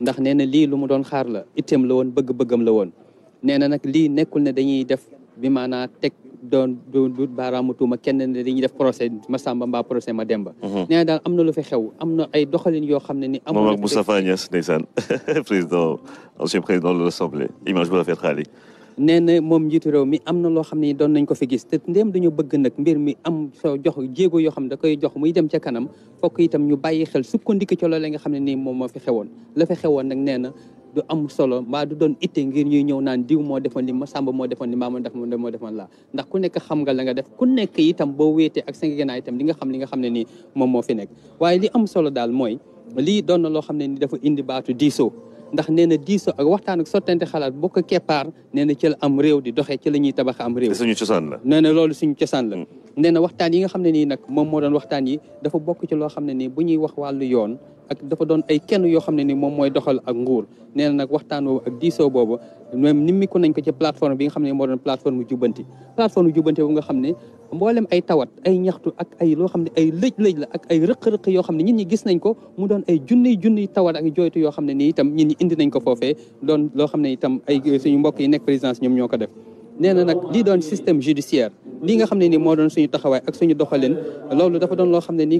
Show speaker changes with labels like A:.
A: ndax nee na lii lu mu doon xaar la itteem la woon bëgg-bëggam la woon nee na nag lii nekkul ne dañuy def bi maanaa teg doon du baaraamu tuuma kenn ne dañuy def procès ma sàmba mbaa procès ma demba nee na daal am na lu fi xew am na ay doxalin yoo xam ne ni amul moom ak Moustapha
B: Niass ndeysaan président ancien président de l'Assemblée image bu rafet xaali
A: nee na moom njiitu réew mi am na loo xam ne doon nañ ko fi gis te ndéem dañu bëgg nag mbir mi am jox jéego yoo xam ne da koy jox muy dem ca kanam fokk itam ñu bàyyi xel sukkandiku ca loolee nga xam ne nii moom moo fi xewoon la nag nee na du am solo mbaa du doon itte ngir ñuy ñëw naan diw moo defoon li ma sàmba moo defoon li maa moo def moo defoon laa ndax ku nekk xam nga la nga def ku nekk itam boo wéetee ak sa gànnaay itam li nga xam li nga xam ne nii moom moo fi nekk waaye li am solo daal mooy lii doon na loo xam ne ni dafa indi baatu diisoo ndax nee na diisoo ak waxtaan ak sottante xalaat bokk keppaar nee na ci am réew di doxee ci la ñuy tabax am réew. suñu cosaan la nee na loolu suñu cosaan la. Mm. nee na waxtaan yi nga xam ne nii nag moom moo doon waxtaan yi dafa bokk ci loo xam ne nii bu ñuy wax wàllu yoon ak dafa doon ay kenn yoo xam ne ni moom mooy doxal ak nguur nee na nag waxtaan woowu ak diisoo boobu même nimmiku nañ ko ci plateforme bi nga xam ne moo doon plateforme jubbanti plateforme jubbanti boobu nga xam ne mboolem ay tawat ay ñaxtu ak ay loo xam ne ay lëj-lëj la ak ay rëq-rëq yoo xam ne nit ñi gis nañ ko mu doon ay junniy junniy tawat ak jooytu yoo xam ne nii itam ñi indi nañ ko foofee doon loo xam ne itam ay suñu mbokk yi nekk présidence ñoom ñoo ko def nee na nag lii doon système judiciaire li nga xam ne ni moo doon suñu taxawaay ak suñu doxalin loolu dafa doon loo xam ne ni